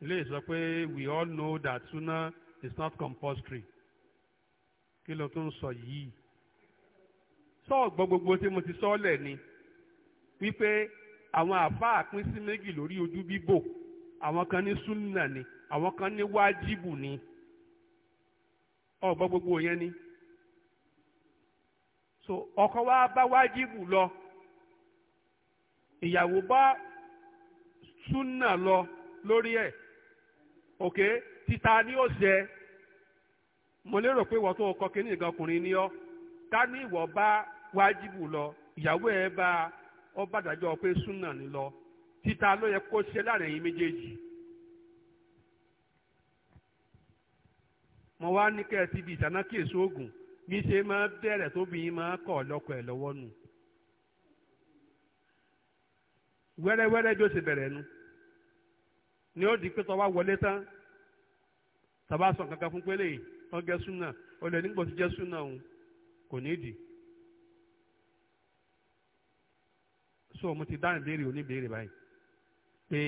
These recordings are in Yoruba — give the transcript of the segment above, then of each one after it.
ilé sọ pé we all know that suna is not compulsory kí ló tún sọ yìí sọ́ọ̀gbọ́ gbogbo tí mo ti sọ ọ́lẹ̀ ni wípé àwọn àáfàá pín sí méjì lórí ojú bíbò àwọn kan ní sunna ni àwọn kan ní wájibù ni ọ̀gbọ́ gbogbo yẹn ni so ọkọ wa bá wájibù lọ ìyàwó bá sunna lọ lórí ẹ̀ òkè títa ni ó se mo lérò pé ìwọ tó kọ kínní nǹkan ọkùnrin ni ọ ta ní ìwọ bá wájibù lọ ìyàwó ẹ bá ọ bá dájọ́ pé súnà ni lọ títa ló yẹ kó ṣe láàrin yín méjèèjì. mo wá ní kẹ́ ti bi ìtànà kí oògùn bí ṣe máa bẹ̀rẹ̀ tóbìnrin máa kọ̀ lọ́kọ̀ ẹ̀ lọ́wọ́ nù wẹ́rẹ́wẹ́rẹ́ nu. ni ó di pé tó bá wọlé tán tàbá sọ kankan fún pélé tó gẹ súnà ó lè nígbà tó jẹ súnà o kò ní ìdí. so mo ti dáhùn béèrè oníbèrè báyìí pé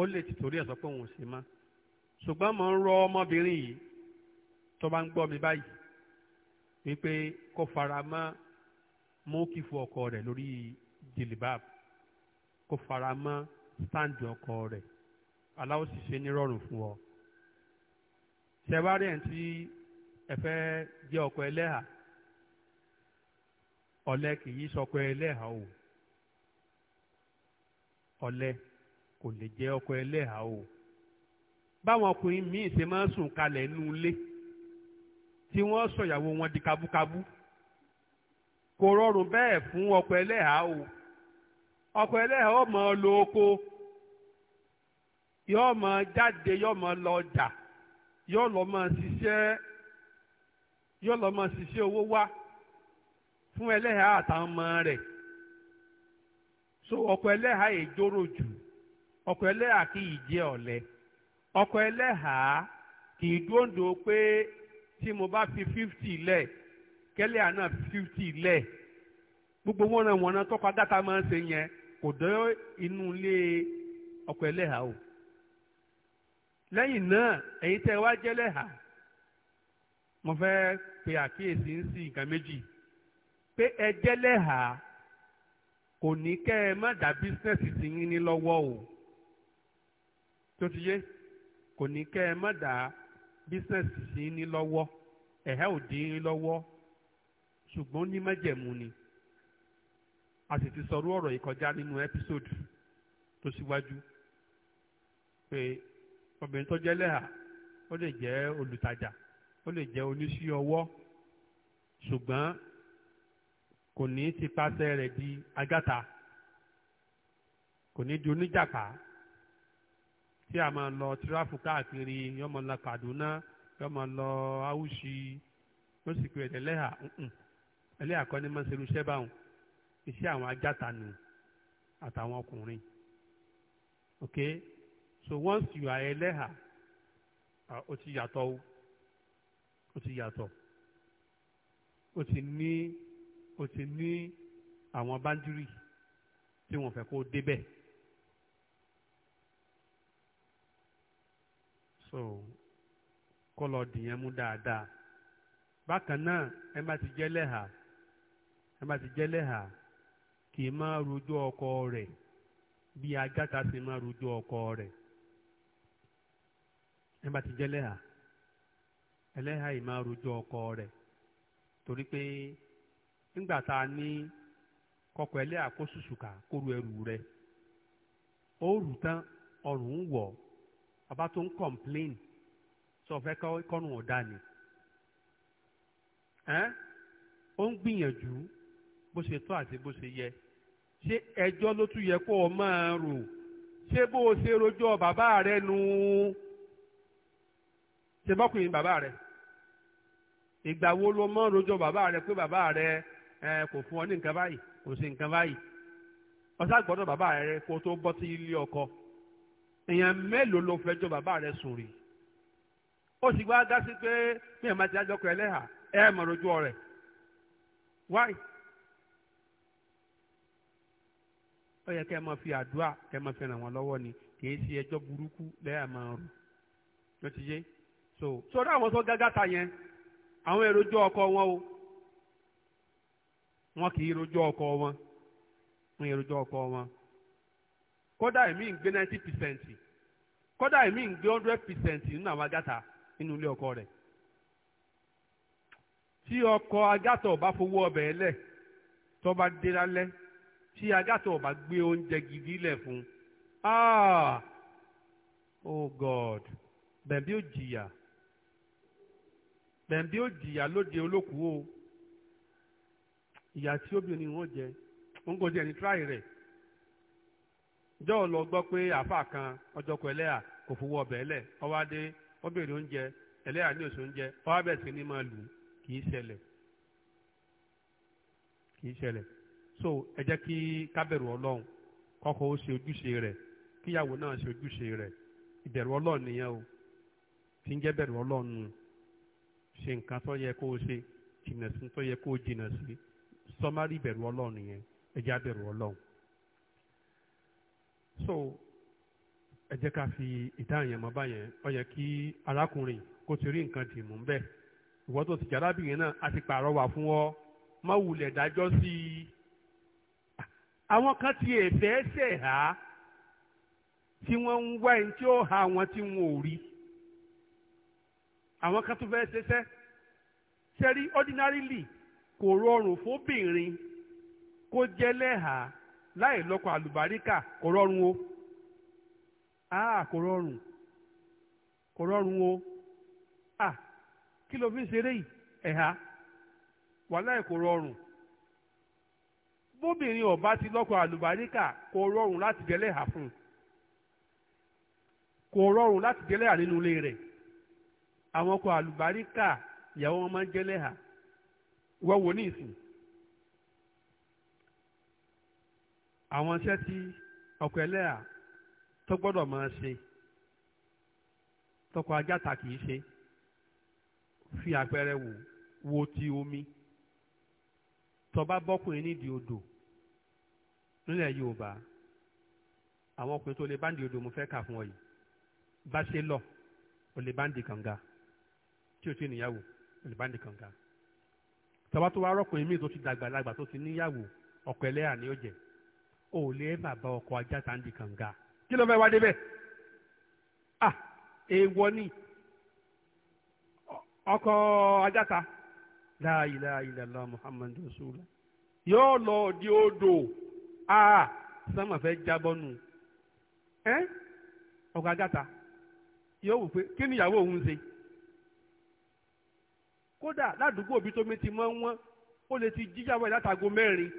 ó lè ti torí ẹ̀ sọ pé òun ò sí mọ́ ṣùgbọ́n mo ń rọ ọmọbìnrin yìí tó bá ń gbọ́ mi báyìí wípé kó fara mọ́ mú kí fún ọkọ rẹ̀ lórí jìlìbáàbù kó fara mọ́. sáǹdì ọkọ rẹ̀ aláwọ̀ sì ṣe nírọ̀rùn fún ọ. ṣẹ̀wárí ẹ̀ tí ẹ jẹ jẹ́ ọkọ ẹlẹ́hà ọ̀lẹ kì í sọkọ ẹlẹ́hà o ọ̀lẹ kò lè jẹ ọkọ ẹlẹ́hà o báwọn ọkùnrin míì ṣe máa ń sùn kalẹ̀ nínú ilé tí wọ́n sọ ìyàwó wọn di kabúkabú kò rọrùn bẹ́ẹ̀ fún ọkọ ẹlẹ́hà o ọkọ ẹlẹ́hà ó mọ̀ ọ́ oko. yọọ ma jáde yọọ ma lọ ọjà yọọ lọ ma ṣiṣẹ́ yọọ lọ ma ṣiṣẹ́ owó wá fún ẹlẹ́hà àtàwọn ọmọ rẹ̀ so ọkọ ẹlẹ́hà èjòrò jù ọkọ̀ ẹlẹ́hà kì í jẹ́ ọ̀lẹ ọkọ ẹlẹ́hà kì í dóńdó pé tí mo bá fi fifty lẹ̀ kẹ́lẹ́ àná lẹ̀ gbogbo wọn náà wọn náà máa ń ṣe yẹn kò dé o. lẹ́yìn náà ẹ̀yin tẹ́ wá jẹ́lẹ̀ hà mo fẹ́ pe àkíyèsí ń sí nǹkan méjì pé ẹ jẹ́lẹ̀ hà kò ní kẹ́ ẹ má dá bísínẹ́sì ti yín ní lọ́wọ́ o tó ti yé kò ní kẹ́ ẹ má dá bísínẹ́sì ti yín ní lọ́wọ́ ẹ̀hẹ́ ò dín yín lọ́wọ́ ṣùgbọ́n ní májẹ̀mú ni a sì ti sọrú ọ̀rọ̀ yìí kọjá nínú ẹ́písòdù tó síwájú pé obìnrin tó jẹ́ lẹ́hà ó lè jẹ́ olùtajà ó lè jẹ́ oníṣẹ́ ọwọ́ ṣùgbọ́n kò ní ti pàṣẹ rẹ̀ di agáta kò ní di oníjàpá tí a máa lọ tíráfù káàkiri yọ máa lọ Kaduna yọ máa lọ Awúṣi yóò sì pé ẹlẹ́hà ẹlẹ́hà kọ́ ni máa ń ṣerú báwọn iṣẹ́ àwọn agáta nù àtàwọn ọkùnrin so once you are ẹlẹ́hà ó ti yàtọ̀ ó ti yàtọ̀ ó ti ní ó ti ní àwọn báńdírì tí wọ́n fẹ́ kó débẹ̀. so kó lọ dìyẹn mú dáadáa bákan náà ẹ má ti jẹ́ lẹ́hà ẹ má ti jẹ́ lẹ́hà kì í máa rojọ́ ọkọ rẹ̀ bí agáta sì máa rojọ́ ọkọ rẹ̀. nígbà tí jẹ́ ẹlẹ́hà yìí máa rojọ́ ọkọ rẹ̀ torí pé nígbà tá a ní kọkọ ẹlẹ́hà kó sùsùkà kó ru ẹrù rẹ̀ ó rù tán ọrùn ń wọ̀ bàbá tó ń kọ̀mplain sọ fẹ́ kọ́nù ọ̀dà ni ó ń gbìyànjú bó ṣe àti bó ṣe ṣé ẹjọ́ ló tún yẹ kó o máa ṣé bó o ṣe ṣe bọ́kùnrin bàbá rẹ̀ ìgbà wo ló mọ́ rojọ́ bàbá rẹ̀ pé bàbá rẹ̀ ẹ kò fún ọ ní nǹkan báyìí kò sí nǹkan báyìí ọ̀sá gbọ́dọ̀ bàbá rẹ̀ kó tó bọ́ sí ilé ọkọ èèyàn mélòó ló fẹjọ́ bàbá rẹ̀ sùn rí ó sì wá dá sí pé bí ẹ̀ máa ti ajọ́kọ ẹlẹ́hà ẹ̀ mọ̀ rojú ọ̀rẹ́ wáyé ó yẹ kẹ́ ẹ máa fi àdúrà kẹ́ ẹ máa fi ràn wọ́n lọ́wọ́ ni kì í ṣe ẹjọ́ burúkú lẹ́yà máa rò ló ti yé. so so àwọn tó gágàtà yẹn àwọn èròjọ ọkọ wọn o wọn kì í rojọ ọkọ wọn wọn kì rojọ ọkọ wọn kódà èmi ń gbé ninety percent kódà èmi ń gbé hundred percent nínú àwọn agàtà nínú ilé ọkọ rẹ tí ọkọ agàtà ọba fowó ọbẹ̀ ẹ lẹ̀ tó bá dé tí agàtà ọba gbé oúnjẹ gidi lẹ fún ah oh god bẹ̀bí ò jìyà. bẹ̀ǹdé ó jìyà lóde olókùú o ìyà tí obìnrin wọn jẹ ń kò jẹ ní tíráì rẹ̀ jọ́ọ̀ lọ gbọ́ pé àáfàá kan kọ ẹlẹ́yà ọbẹ̀ ẹlẹ̀ ọwádé oúnjẹ ẹlẹ́yà ni máa lù kì í ṣẹlẹ̀ so ẹ jẹ́ kí kábẹ̀rù ọlọ́run kọ́kọ́ ó ṣe ojúṣe rẹ̀ kíyàwó náà ṣe ojúṣe ti ń jẹ́ bẹ̀rù ọlọ́run ṣe nǹkan tó yẹ kó o ṣe jìnnà sí tó yẹ kó o jìnnà sí sọmárì bẹ̀rù ọlọ́run nìyẹn ẹja bẹ̀rù ọlọ́run. so ẹ jẹ́ ká fi ìdáhùn yẹn mọ́ báyẹn ó yẹ kí arákùnrin kó ti rí nǹkan dì mú bẹ́ẹ̀ ìwọ́n tó ti jẹ́ arábìnrin náà á ti pààrọ̀ wà fún ọ má wulẹ̀ dájọ́ sí i àwọn kan ti èfẹ́ ṣẹ̀ há tí wọ́n ń wá ẹni tí ó ha wọn tí wọn ò rí àwọn kan tó fẹ́ ṣiṣẹ́ sẹ́rí ordinarily kò rọrùn fóbìnrin kó jẹ́ láì àlùbáríkà kò rọrùn o ah kò rọrùn kò rọrùn o ah kí ló fi ń ṣeré yìí kò rọrùn bóbìnrin ti lọ́kọ̀ àlùbáríkà kò láti jẹ́ àwọn ọkọ àlùbáríkà ìyàwó wọn máa ń jẹ́ lẹ́hà wọ́n wò ní ìsìn àwọn iṣẹ́ tí ọkọ ẹlẹ́hà tó gbọ́dọ̀ máa ṣe tọkọ ajáta kì í ṣe fi àpẹẹrẹ wò wo ti omi tọba bọ́kùnrin nídìí odò nílẹ̀ Yorùbá àwọn ọkùnrin tó lè bá ń di odò mo fẹ́ kà fún ọ yìí bá ṣe lọ ò lè bá ń di kànga tí o ti níyàwó olùbáǹdì kànga tọ́ba tó wá rọ́pò èmi tó ti dàgbà lágbà tó ti níyàwó ọkọ ẹlẹ́yà ni ó jẹ ò lè ẹ̀fà bá ọkọ ajá tàǹdì kànga kí ló fẹ́ wá débẹ̀ ah èèwọ̀ ni ọkọ ajáta láàyèláàyèlá muhammadu rasulullah yóò lọ di odò ah sánmà fẹ́ jábọ́ nù ẹ́ ọkọ ajáta yóò wò pé kí ni ìyàwó òun ṣe kódà ládùúgbò bí tómi ti mọ́ wọ́n ó lè ti jíjàwé látago mẹ́rin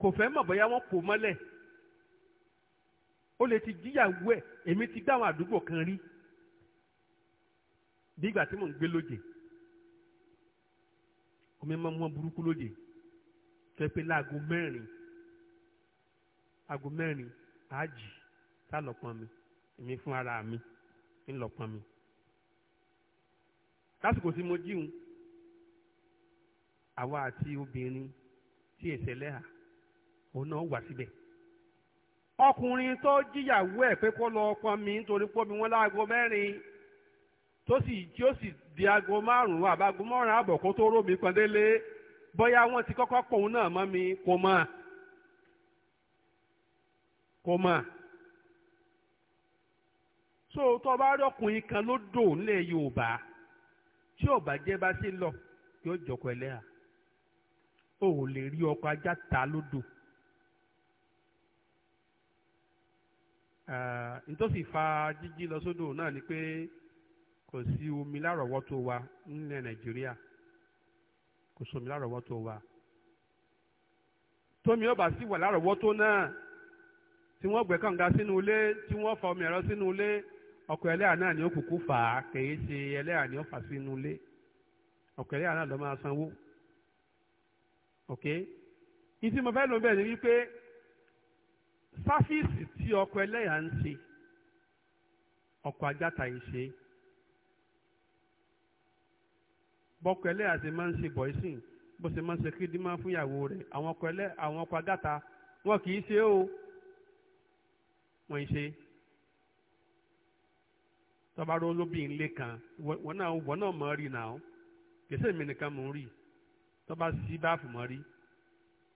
kò fẹ́ mọ̀ bóyá wọ́n pò mọ́lẹ̀ ó lè ti jíyàwó ẹ̀ èmi ti dáhùn àdúgbò kan rí bí ìgbà tí mò ń gbé lóde omi máa wọ́n burúkú lóde tó láago mẹ́rin aago mẹ́rin àájì tá mi èmi fún ara mi ńlọ́pọ̀ mi. lásìkò tí mo jíun àwa àti obìnrin tí èsè lẹ́hà òun náà wà síbẹ̀ ọkùnrin tó jíyàwó ẹ̀ pé kó lọ ọkọ mi nítorí pọ́ mi wọn láago mẹ́rin tó sì tí ó sì di aago márùn-ún àbáago márùn àbọ̀ kó tó rómi kan délé bóyá wọ́n ti kọ́kọ́ pòun náà mọ́ mi kò mọ̀ kò mọ̀ so tó bá rí ọkùnrin kan ló dò nílẹ̀ Yorùbá tí ò bá bá ṣe lọ yóò jọkọ ẹlẹ́yà o ò lè rí ọkọ ajá ta lódò ah, nítòsí fa jíjí lọ sódò náà ni pé kò sí omi lárọ̀ọ́wọ́tó wa nílẹ̀ Nàìjíríà kò sómi lárọ̀ọ́wọ́tó wa tómi ọba sì wà lárọ̀ọ́wọ́tó náà tí wọ́n gbẹ́ kànga sínú ilé tí wọ́n fa omi ẹ̀rọ sínú ilé. ọkọ ẹlẹ́yà náà ni ó kúkú fà á kèé ṣe ẹlẹ́yà ni ó fà sínú ilé ọkọ ẹlẹ́yà náà ló máa sanwó ok ìtí mo fẹ́ lò bẹ́ẹ̀ ni wípé sáfíìsì tí ọkọ ẹlẹ́yà ń ṣe ọkọ ajáta yìí ṣe bọ́kọ ẹlẹ́yà ti máa ń ṣe bọ̀ìsìn bó ṣe máa ń ṣe kídímà fún ìyàwó rẹ̀ àwọn ọkọ ẹlẹ́ àwọn ọkọ ajáta wọn kì í ṣe o wọ́n ń ṣe é tọ́ba ró lóbìnrin lé kan wọ́n náà wọ́n náà mọ̀ rí náà kèsè mi nìkan mò ń rí tọ́ba sí báàfù mọ̀ rí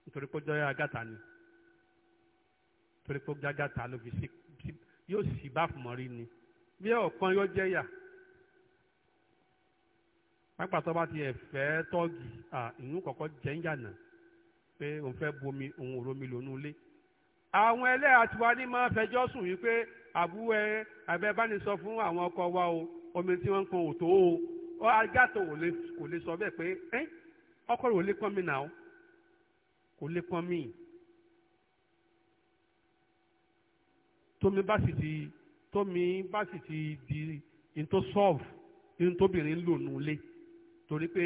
nítorí pé jọ́ agàtà ni torí pé agàtà ló fi sí yóò sí báàfù mọ̀ rí ni bí ọ̀kan yóò jẹ́ yà pápá tọ́ba ti ẹ̀fẹ́ tọ́ọ̀gì ìlú kọ̀ọ̀kan jẹ́ ń yànà pé òun fẹ́ bomi òun ò romi lónú ilé àwọn ẹlẹ́yà tiwa ní máa fẹjọ́ sùn yìí pé àbúwẹ àbẹ bá ní sọ fún àwọn ọkọ wa o omi tí wọ́n ń pọn òtó o ọ agátò kò lè sọ bẹ́ẹ̀ pé ẹ ọkọ rẹ ò lè pọn mi nà ó kò lè pọn mi tómi bá sì ti tómi bá sì ti di ntó sọọfù ntóbìnrin lò nulẹ torí pé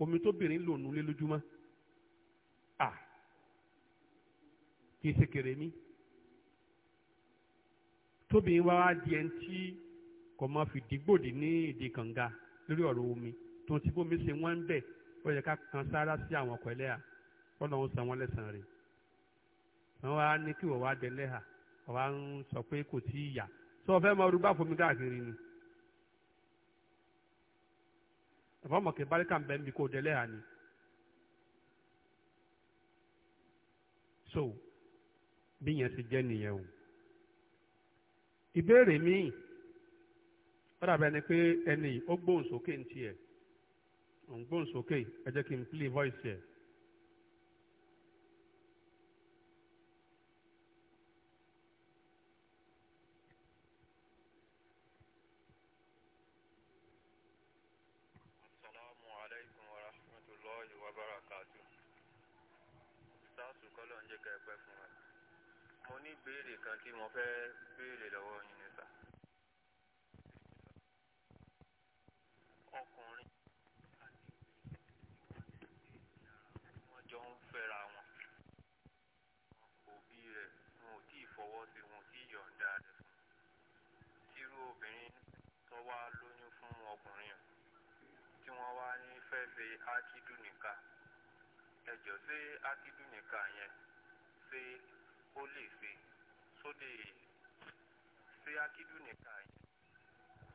omi tóbìnrin lò nulẹ lójúmọ́ à kì í ṣe kèrè mi tóbìnrin wá di ẹni tí kò máa fi dìgbòdì ní ìdí kànga lórí ọ̀rọ̀ omi tó ti bómi ṣe wọ́n ń bẹ̀ ó yẹ ká kan sára sí àwọn ọkọ̀ ẹlẹ́yà ọlọ́run san wọ́n lẹ́sàn rẹ̀ wọ́n wá ní kí wọ́n wá dẹ lẹ́hà wọ́n ń sọ pé kò tí ì yà sọ fẹ́ mọ orúgbà fún mi káàkiri ni ìfọ̀mọ̀kẹ́ báríkà ń bẹ́ ń kó dẹ lẹ́hà ni. so bí yẹn ti jẹ́ nìyẹn o ìbéèrè míì ó dàbẹ̀ ni pé ẹnì ó gbóhùn sókè ń tiẹ̀ òun gbóhùn sókè ẹ jẹ́ kí n play voice ẹ̀. Assalamu alaikum warahmatullahi wabarakatuh. sáà sùkọ́ ló ń jẹ́ kẹ́ ẹ pẹ́ fún wa mo ní béèrè kan tí mo fẹ́ béèrè lọ́wọ́ yín ni sà. ọkùnrin àti obìnrin wọ́n jọ ń fẹ́ra wọn òbí rẹ̀ wọn ò tí ì fọwọ́ sí wọn ò tí ì yọ̀ǹda rẹ̀ fún un tírú obìnrin tó wá lóyún fún ọkùnrin tí wọ́n wá ní fẹ́ ṣe ákídù nìka ẹ̀jọ̀ ṣé ákídù yẹn ṣé ó lè fe sóde ṣé akídù nìkan yẹn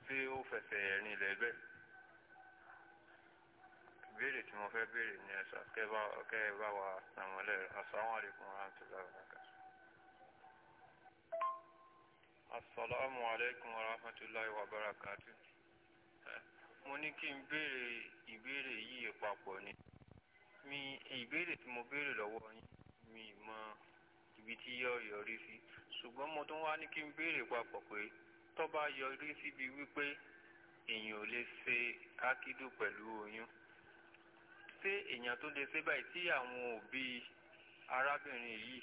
ṣé ó fẹsẹ̀ rìn lẹ́gbẹ́ ìbéèrè tí mo fẹ́ béèrè ní ẹ̀sà kẹ́ ẹ bá wa nàmọ́lẹ̀ asalaamualeykum warahmatulahi wabarakatuh. asalaamualeykum warahmatulahi wabarakatuh. mo ní kí n béèrè ìbéèrè yìí papọ̀ ni mi ìbéèrè tí mo béèrè lọ́wọ́ yín mi mọ́ ibi tí yóò yọrí sí ṣùgbọ́n mo tún wá ní kí n béèrè papọ̀ pé tó bá yọrí síbi wípé èèyàn ò lè ṣe ákídù pẹ̀lú oyún ṣé èèyàn tó lè ṣe báyìí tí àwọn òbí arábìnrin yìí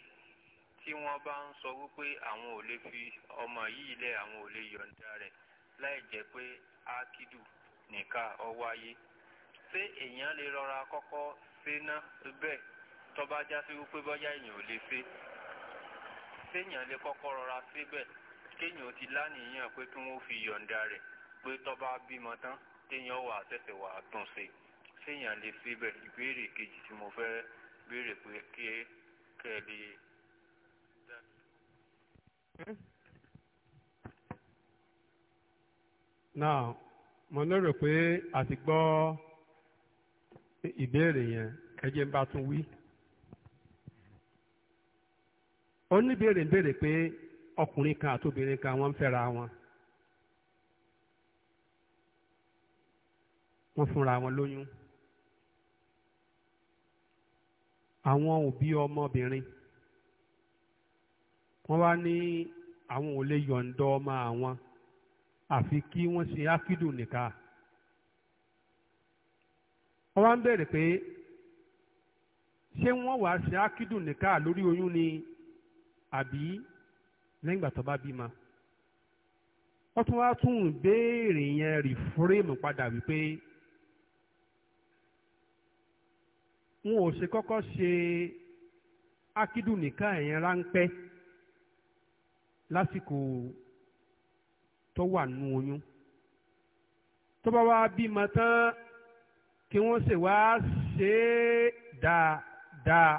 tí wọ́n bá ń sọ wípé àwọn ò lè fi ọmọ yìí lẹ̀ àwọn ò lè yọ̀ǹda rẹ̀ láì jẹ́ pé ákídù nìka ó wáyé ṣé èèyàn lè rọra kọ́kọ́ ṣe ná bẹ́ẹ̀ tó bá já sí wípé bọ́yá èèyàn ò lè ṣe séèyàn lè kọ́kọ́ rọra síbẹ̀ kéèyàn ti lánìyàn pé kí wọ́n fi yọ̀ǹda rẹ̀ pé tọ́ba bímọ tán téèyàn wà sẹ̀sẹ̀ wà tún ṣe séèyàn lè síbẹ̀ ìbéèrè kejì tí mo fẹ́ béèrè pé kí kẹ́ ẹ lè. now mo lérò pé a ti gbọ́ ìbéèrè yẹn ẹ jẹ́ bá tún wí. oníbèrè ń béèrè pé ọkùnrin kan àti kan wọ́n ń fẹ́ra wọn wọ́n fúnra wọn lóyún àwọn òbí ọmọbìnrin wọn wá ní àwọn ò lè yọ̀ǹda ọmọ àwọn àfi kí akidu ṣe ákídù nìka wọ́n wá ń béèrè pé ṣé wọ́n wàá ṣe ákídù nìka lórí oyún ni àbí lẹ́yìn ìgbà tó bá bímọ wọ́n tún wá tún ìbéèrè yẹn rìfúrèmù padà wípé wọn ò ṣe kọ́kọ́ ṣe ákídù nìka ẹ̀yẹn ráńpẹ́ lásìkò tó wà nù oyún tó bá wá bímọ tán kí wọ́n sì wá ṣe é dáadáa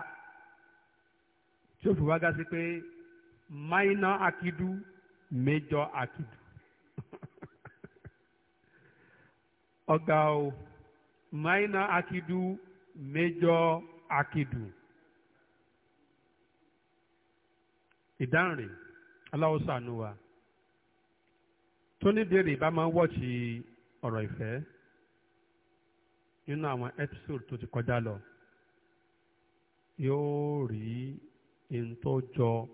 tí ó fi wá gá sí pé minor akidu major akidu ọ̀gá o minor akidu major akidu ìdáhùn rẹ̀ aláwọ̀ sànú wa tó ní béèrè bá máa ń wọ́ọ̀tì ọ̀rọ̀ ìfẹ́ nínú àwọn episode tó ti kọjá lọ yóò rí ń tó jọ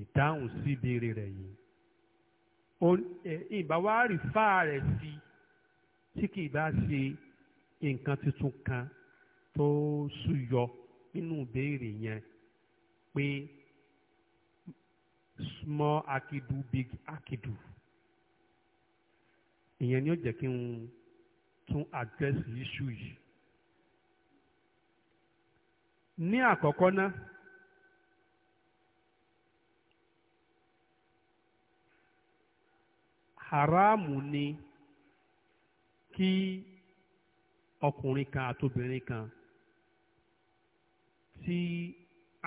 ìdáhùn sí ìbéèrè rẹ̀ yìí ìbá wa rí fáà rẹ̀ sí tí kì í bá ṣe nǹkan tuntun kan tó ṣúyọ nínú ìbéèrè yẹn pé small akidu big akidu ìyẹn ni ó jẹ́ kí n tún address issue yìí ní àkọ́kọ́ náà. haramu ni kí ọkùnrin kan àtobìnrin kan tí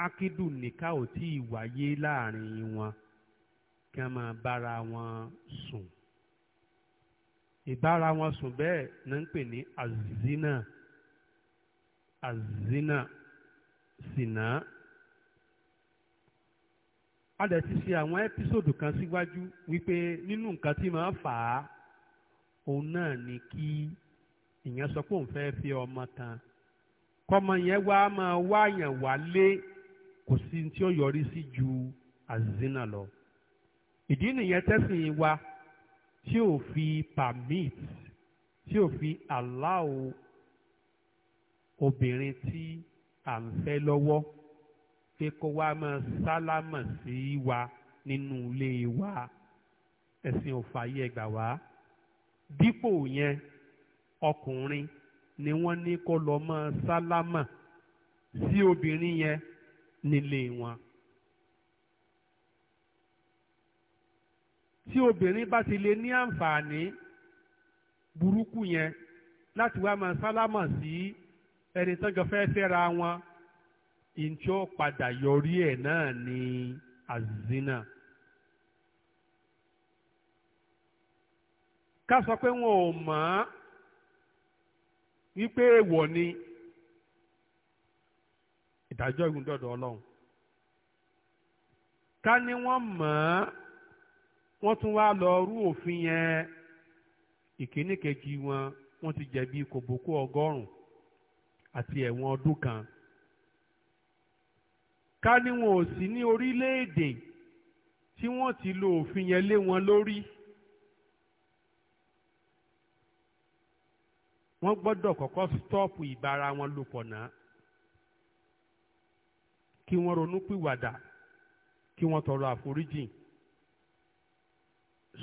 akidu nìka ò tí ì wáyé láàrin wọn kí wọ́n máa bára wọn sùn ìbára wọn sùn bẹ́ẹ̀ ní ń pè ní azina azina sinaa a lè ti ṣe àwọn ẹ́písòdù kan síwájú wípé nínú nǹkan tí máa fà á òun náà ni kí ìyẹn sọ pé òun fẹ́ fi ọmọ kan kọ́mọ yẹn wá máa wáyàn wálé kò sí tí ó yọrí sí ju àzínà lọ ìdí nìyẹn tẹ́sìn wa tí ò fi permit tí ò fi allow obìnrin tí à ń fẹ́ lọ́wọ́ pé kó wá máa sálámà sí wa nínú ilé wa ẹ̀sìn ò fàyè ẹgbà wá dípò yẹn ọkùnrin ni wọ́n ní kó lọ máa sálámà sí obìnrin yẹn nílé wọn. tí obìnrin bá ti lè ní àǹfààní burúkú yẹn láti wá máa sálámà sí ẹni tán jọ fẹ́ fẹ́ra wọn ìtí ó padà yọrí ẹ̀ náà ní azina. ká sọ pé wọn ò mọ̀ ọ́ wípé èèwọ̀ ni ìdájọ́ ìgúndọ̀dọ̀ ọlọ́run ká ní wọ́n mọ̀ ọ́ wọ́n tún wá lọ rú òfin yẹn ìkíní kejì wọn wọ́n ti jẹ̀bi kòbókó ọgọ́rùn-ún àti ẹ̀wọ̀n ọdún kan. ká ní wọn ò sí ní orílẹ̀-èdè tí wọ́n ti lo òfin yẹn lé wọn lórí. wọ́n gbọ́dọ̀ kọ́kọ́ stọ́ọ̀pù ìbára wọn lò pọ̀ náà kí wọ́n ronú pìwàdà kí wọ́n tọrọ àforíjì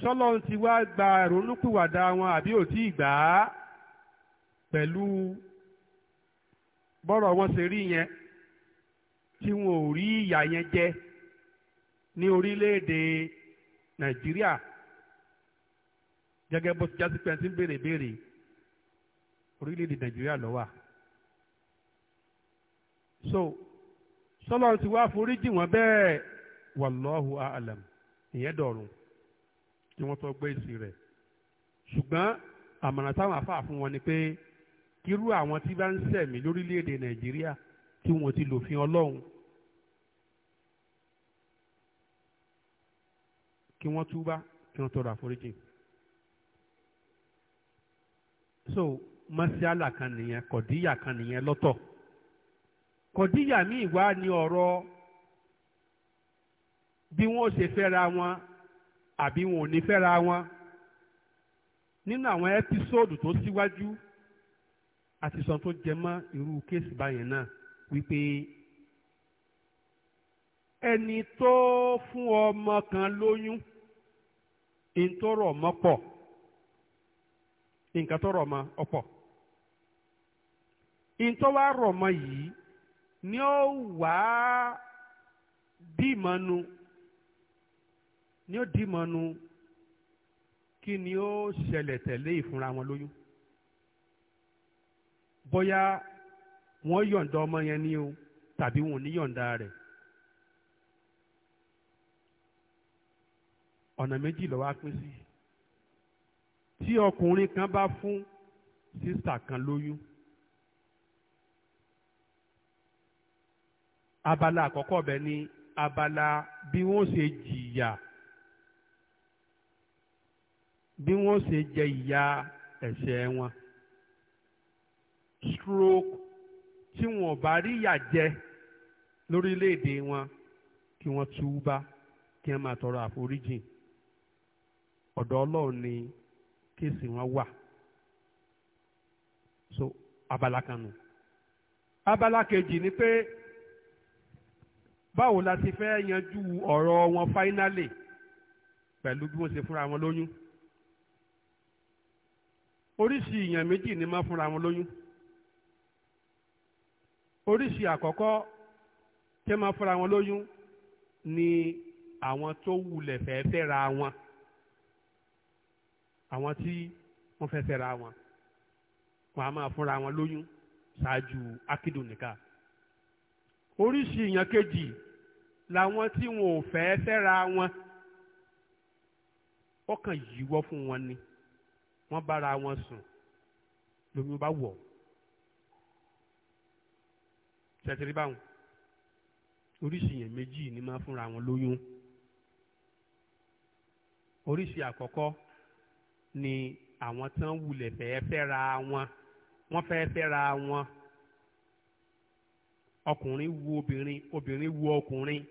sọlọ́n ti wá gba ìrònúpìwàdà wọn àbí ò tí ì gbà á pẹ̀lú bọ́rọ̀ wọn ṣe rí yẹn tí wọn ò rí ìyà yẹn jẹ ní orílẹ̀-èdè nàìjíríà gẹ́gẹ́ bó ti já sí pẹ́ńtì ń béèrè béèrè orílẹ̀-èdè nàìjíríà ló wà. so sọlọ́run ti wá foríjì wọ́n bẹ́ẹ̀ wàlọ́hu alam ìyẹn dọ̀rùn kí wọ́n tó gbé èsì rẹ̀ ṣùgbọ́n àmọ̀ràn táwọn afáà fún wọn ni pé kírú àwọn tí bá ń ṣẹ̀mí lórílẹ̀-èdè nàìjíríà tí wọ́n ti lòfin ọlọ́run kí wọ́n túbá kí wọ́n tọrọ àforíjì so mọ́síálà kan nìyẹn kọ̀díyà kan nìyẹn lọ́tọ̀ kọ̀díyà míì wá ní ọ̀rọ̀ bí wọ́n ṣe fẹ́ra wọn àbí wọn ò ní fẹ́ra wọn nínú àwọn ẹ́písòòdù tó síwájú àti sọ tó jẹ mọ́ irú kéèsì báyẹn náà wípé ẹni tó fún ọmọ kan lóyún ìtòrò ọmọ pọ̀ nǹkan tó rọ̀ mọ́ ọ̀pọ̀ ìtọ́wá rọ̀ mọ́ yìí ni ó wà á dìmọ̀nu ni ó dìmọ̀nu kí ni ó ṣẹlẹ̀ tẹ̀lé ìfúnra wọn lóyún bóyá wọ́n yọ̀ǹda ọmọ yẹn ni o tàbí wọn ò ní yọ̀ǹda rẹ̀. ọ̀nà méjì ló wá pín sí tí ọkùnrin kan bá fún sísà kan lóyún abala àkọ́kọ́ bẹ ni abala bí wọ́n ṣe jìyà bí wọ́n ṣe jẹ ìyà ẹ̀ṣẹ̀ wọn stroke tí wọn ò bá rí ìyà jẹ lórílẹ̀‐èdè wọn kí wọ́n túbá kí wọ́n máa tọrọ àforíjìn ọ̀dọ̀ ọlọ́run ni kéèsì wọn wà so abala kan nù abala kejì ni pé báwo la ti fẹ́ yanjú ọ̀rọ̀ wọn fáínálì pẹ̀lú bí wọ́n ṣe fúnra wọn lóyún oríṣi ìyàn méjì ni máa fúnra wọn lóyún oríṣi àkọ́kọ́ tí máa fúnra wọn lóyún ni àwọn tó wulẹ̀ fẹ́ fẹ́ra wọn àwọn tí wọ́n fẹ́ fẹ́ra wọn wọn a máa fúnra wọn lóyún ṣáájú akidu nìka oríṣi èèyàn kejì làwọn tí wọn ò fẹ́ fẹ́ra wọn ọkàn yíwọ́ fún wọn ni wọ́n bára wọn sùn lómi bá wọ̀ ọ́ tẹ̀sírí báwọn oríṣi yẹn méjì ni máa fúnra wọn lóyún oríṣi àkọ́kọ́ ni àwọn tán wulẹ̀ fẹ́ fẹ́ra wọn wọ́n fẹ́ fẹ́ra wọn ọkùnrin wu obìnrin obìnrin wu ọkùnrin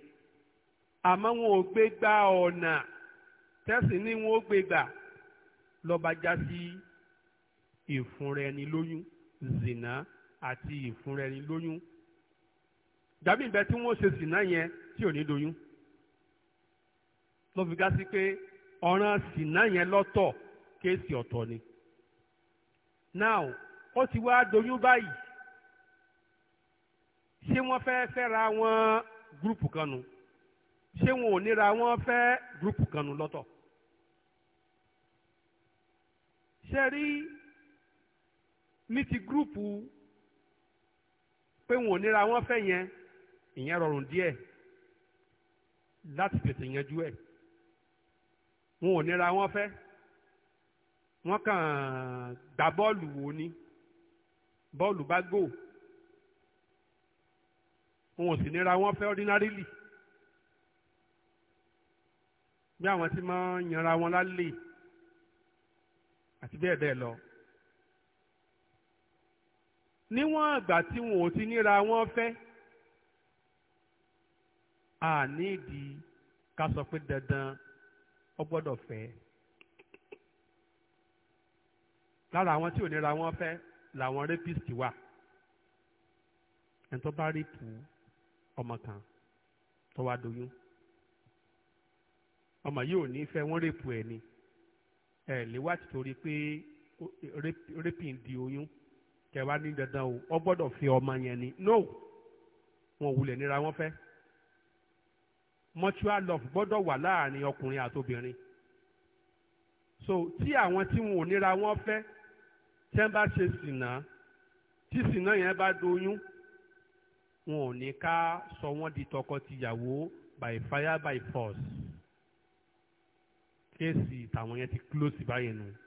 àmọ́ wọn ò gbé gbá ọ̀nà tẹ́sí ni wọn ò gbé gbà lọ́ba já sí ìfúnra ẹni lóyún zìnà àti ìfúnra ẹni lóyún ìgbà míì bẹ tí wọ́n ṣe sìnà yẹn tí ò ní doyún ló fi gá sí pé ọ̀ràn sìnà yẹn lọ́tọ̀ kéèsì ọ̀tọ̀ ni now ó ti wá doyún báyìí ṣé wọ́n fẹ́ fẹ́ra wọn gúrùpù kan nu ṣé wọn ò níra wọn fẹ́ gúrùpù kan nu lọ́tọ̀ ṣe rí ní ti gúrùpù pé wọn ò níra wọn fẹ́ yẹn ìyẹn rọrùn díẹ̀ láti tètè yanjú ẹ̀ wọn ò nira wọn fẹ́ wọn kàn gba bọ́ọ̀lù wò ni bọ́ọ̀lù bá gò wọn ò sì nira wọn fẹ́ ordinarily bí àwọn tí máa ń yanra wọn lálẹ́ àti bẹ́ẹ̀ bẹ́ẹ̀ lọ. níwọ̀n àgbà tí wọn ò ti níra wọn fẹ́ a ní ìdí ká sọ pé dandan ó gbọ́dọ̀ fẹ́ lára àwọn tí ò ní ra wọn fẹ́ làwọn rapist wà ẹni tó bá rìpù ọmọ kan tó wá doyún ọmọ yìí ò ní fẹ́ wọ́n rìpù ẹ̀ ni ẹ̀ lè wá títorí pé rìpì ń di oyún kẹwàá ní dandan o ọ gbọ́dọ̀ fi ọmọ yẹn ni no wọn ò wulẹ̀ níra wọn fẹ́ mutual love gbọ́dọ̀ wà láàrin ọkùnrin àtobìnrin so tí àwọn tí wọn ò níra wọn fẹ́ tí wọ́n bá ṣe sìnà tí sìnà yẹn bá doyún wọn ò ní ká sọ wọ́n di tọkọ-tìyàwó by fire by force kéèsì tàwọn yẹn ti close báyìí nù. No